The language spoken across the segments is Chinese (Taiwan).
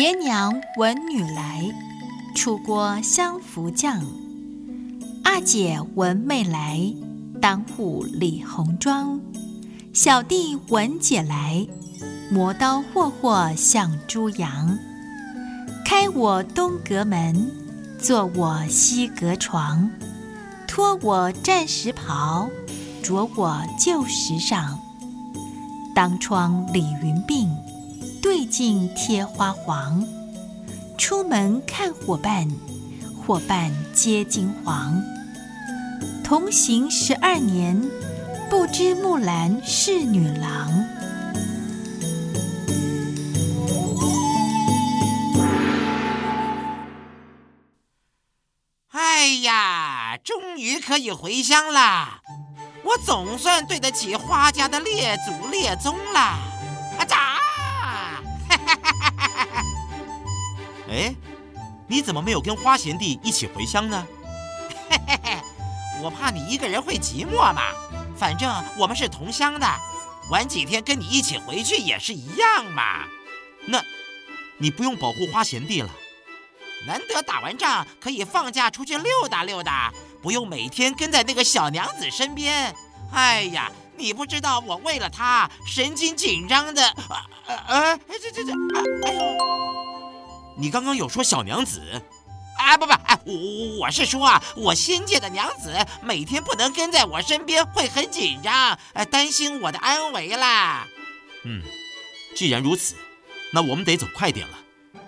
爺娘聞女來，出郭相扶將。阿姊聞妹來，當戶理紅妝。小弟聞姊來，磨刀霍霍向豬羊。開我東閣門，坐我西閣床。脫我戰時袍，着我舊時裳。當窗理雲鬢。對鏡貼花黃，出門看夥伴，夥伴皆驚忙。同行十二年，不知木蘭是女郎。哎呀，終於可以回鄉啦！我總算對得起花家的列祖列宗了。阿、啊、扎。哎，你怎麼沒有跟花賢弟一起回鄉呢？嘿嘿嘿，我怕你一個人會寂寞嘛。反正我們是同鄉的，晚幾天跟你一起回去也是一樣嘛。那，你不用保護花賢弟了。難得打完仗可以放假出去溜達溜達，不用每天跟在那個小娘子身邊。哎呀，你不知道我為了她神經緊張的，啊啊，啊！這這這、啊，哎呦！你剛剛有說小娘子，啊不不，不啊、我我是說啊，我仙界的娘子每天不能跟在我身邊，會很緊張，呃，擔心我的安危啦。嗯，既然如此，那我們得走快點了，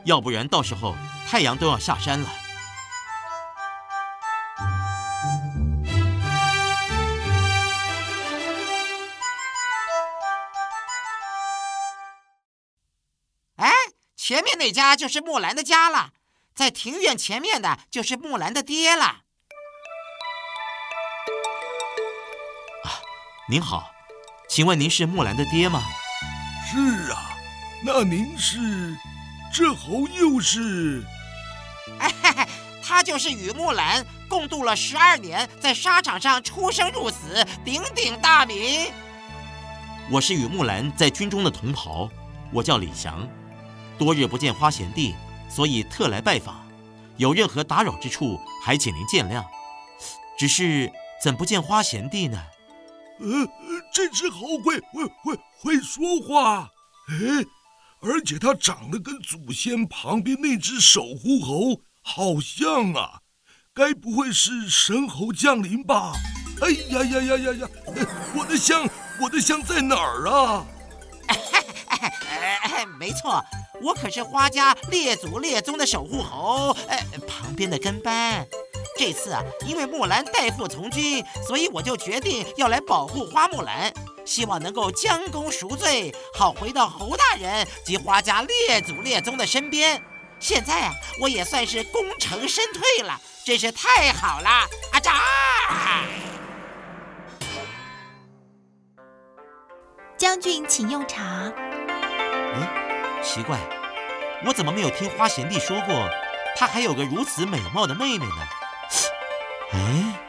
要不然到時候太陽都要下山了。前面那家就是木蘭的家了，在庭院前面的就是木蘭的爹了。啊，您好，請問您是木蘭的爹嗎？是啊，那您是？這猴又是？哎，他就是與木蘭共度了十二年，在沙場上出生入死，鼎鼎大名。我是與木蘭在軍中的同袍，我叫李祥。多日不見花賢弟，所以特來拜訪。有任何打擾之處，還請您見諒。只是怎不見花賢弟呢？呃，這隻猴會會會說話。哎，而且它長得跟祖先旁邊那隻守護猴好像啊。該不會是神猴降臨吧？哎呀呀呀呀呀！我的香，我的香在哪兒啊？沒錯，我可是花家列祖列宗的守護侯，呃，旁邊的跟班。這次啊，因為木蘭代父從軍，所以我就決定要來保護花木蘭，希望能夠將功贖罪，好回到侯大人及花家列祖列宗的身邊。現在啊，我也算是功成身退了，真是太好了，阿、啊、扎。將軍，請用茶。奇怪，我怎麼沒有聽花賢弟說過，他還有個如此美貌的妹妹呢？哎，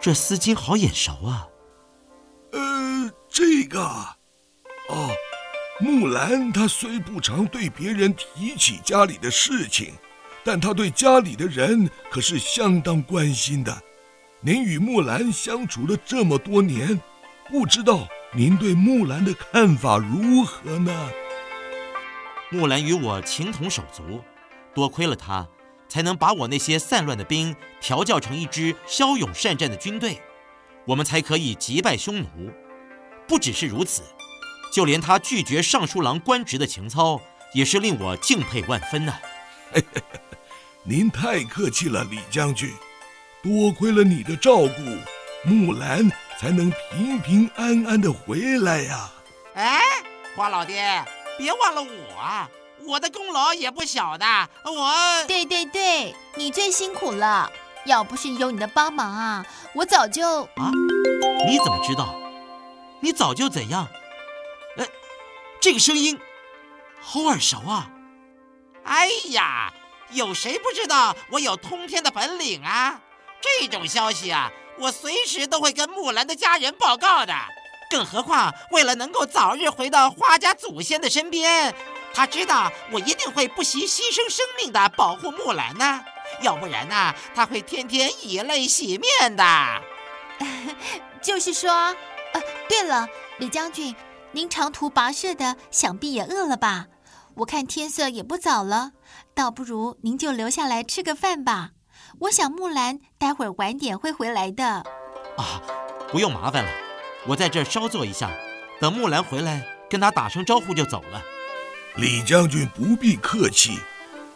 這絲巾好眼熟啊！呃，這個……哦，木蘭她雖不常對別人提起家裡的事情，但她對家裡的人可是相當關心的。您與木蘭相處了這麼多年，不知道您對木蘭的看法如何呢？木蘭與我情同手足，多虧了他，才能把我那些散亂的兵調教成一支驍勇善戰的軍隊，我們才可以擊敗匈奴。不只是如此，就連他拒絕尚書郎官職的情操，也是令我敬佩萬分吶、啊。您太客氣了，李將軍，多虧了你的照顧，木蘭才能平平安安的回來呀、啊。哎，花老爹。別忘了我啊！我的功勞也不小的。我對對對，你最辛苦了。要不是有你的幫忙啊，我早就……啊？你怎麼知道？你早就怎樣？哎，這個聲音好耳熟啊！哎呀，有誰不知道我有通天的本領啊？這種消息啊，我隨時都會跟木蘭的家人報告的。更何況，為了能夠早日回到花家祖先的身邊，他知道我一定會不惜犧牲生命的保護木蘭呢、啊。要不然呢、啊，他會天天以淚洗面的、呃。就是說，呃，對了，李將軍，您長途跋涉的，想必也餓了吧？我看天色也不早了，倒不如您就留下來吃個飯吧。我想木蘭待會兒晚點會回來的。啊，不用麻煩了。我在這兒稍坐一下，等木蘭回來，跟她打聲招呼就走了。李將軍不必客氣，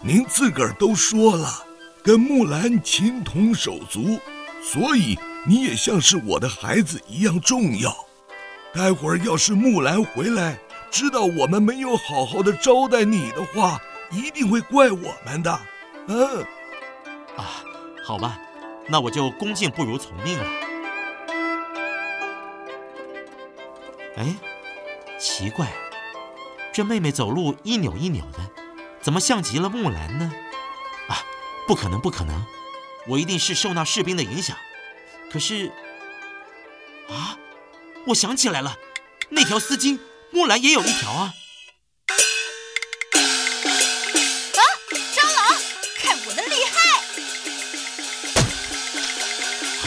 您自個兒都說了，跟木蘭情同手足，所以你也像是我的孩子一樣重要。待會兒要是木蘭回來，知道我們沒有好好的招待你的話，一定會怪我們的。嗯，啊，好吧，那我就恭敬不如從命了。哎，奇怪，這妹妹走路一扭一扭的，怎麼像極了木蘭呢？啊，不可能不可能，我一定是受那士兵的影響。可是，啊，我想起來了，那條絲巾，木蘭也有一條啊。啊，蟑螂，看我的厲害！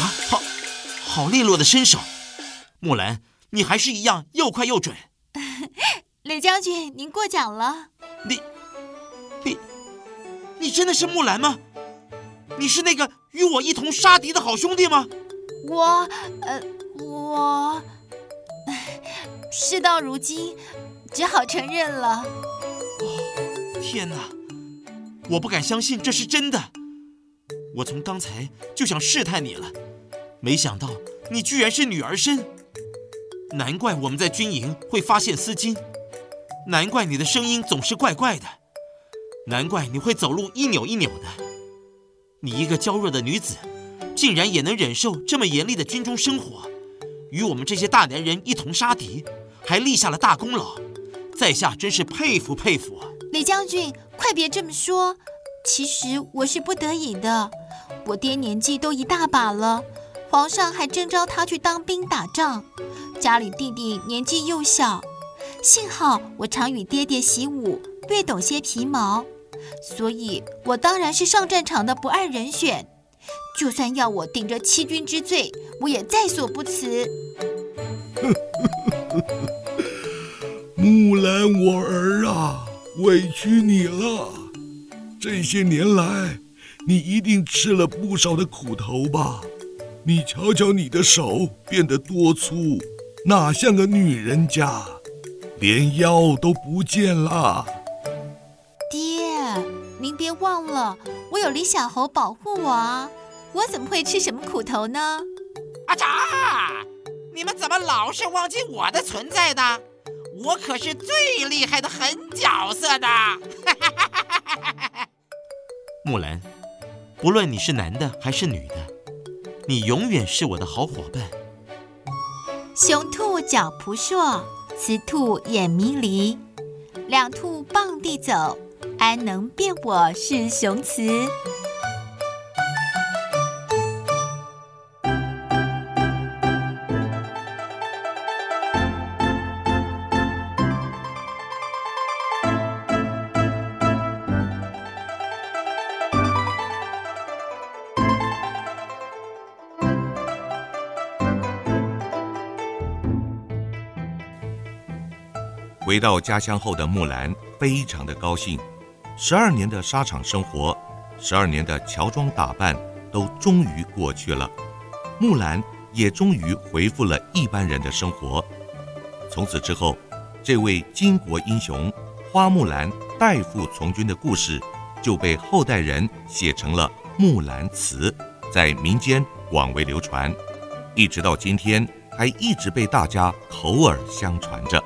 啊，好，好利落的身手，木蘭。你還是一樣又快又準。呃，李將軍，您過獎了。你，你，你真的是木蘭嗎？你是那個與我一同殺敵的好兄弟嗎？我，呃，我，事到如今，只好承認了。哦，天哪，我不敢相信這是真的。我從剛才就想試探你了，沒想到你居然是女兒身。難怪我們在軍營會發現絲巾，難怪你的聲音總是怪怪的，難怪你會走路一扭一扭的。你一個嬌弱的女子，竟然也能忍受這麼嚴厲的軍中生活，與我們這些大男人一同殺敵，還立下了大功勞，在下真是佩服佩服。李將軍，快別這麼說，其實我是不得已的，我爹年紀都一大把了。皇上還徵召他去當兵打仗，家裡弟弟年紀又小，幸好我常與爹爹習武，略懂些皮毛，所以我當然是上戰場的不二人選。就算要我頂着欺君之罪，我也在所不辭。 木蘭，我兒啊，委屈你了，這些年來，你一定吃了不少的苦頭吧？你瞧瞧，你的手變得多粗，哪像個女人家？連腰都不見啦！爹，您別忘了，我有李小猴保護我啊，我怎麼會吃什麼苦頭呢？阿茶，你們怎麼老是忘記我的存在呢？我可是最厲害的狠角色的！ 木蘭，不論你是男的還是女的。你永遠是我的好夥伴。雄兔腳撲朔，雌兔眼迷離，兩兔傍地走，安能辨我是雄雌？回到家鄉後的木蘭非常的高興，十二年的沙場生活，十二年的喬裝打扮，都終於過去了，木蘭也終於回復了一般人的生活。從此之後，這位巾幗英雄花木蘭代父從軍的故事，就被後代人寫成了《木蘭辭》，在民間廣為流傳，一直到今天還一直被大家口耳相傳着。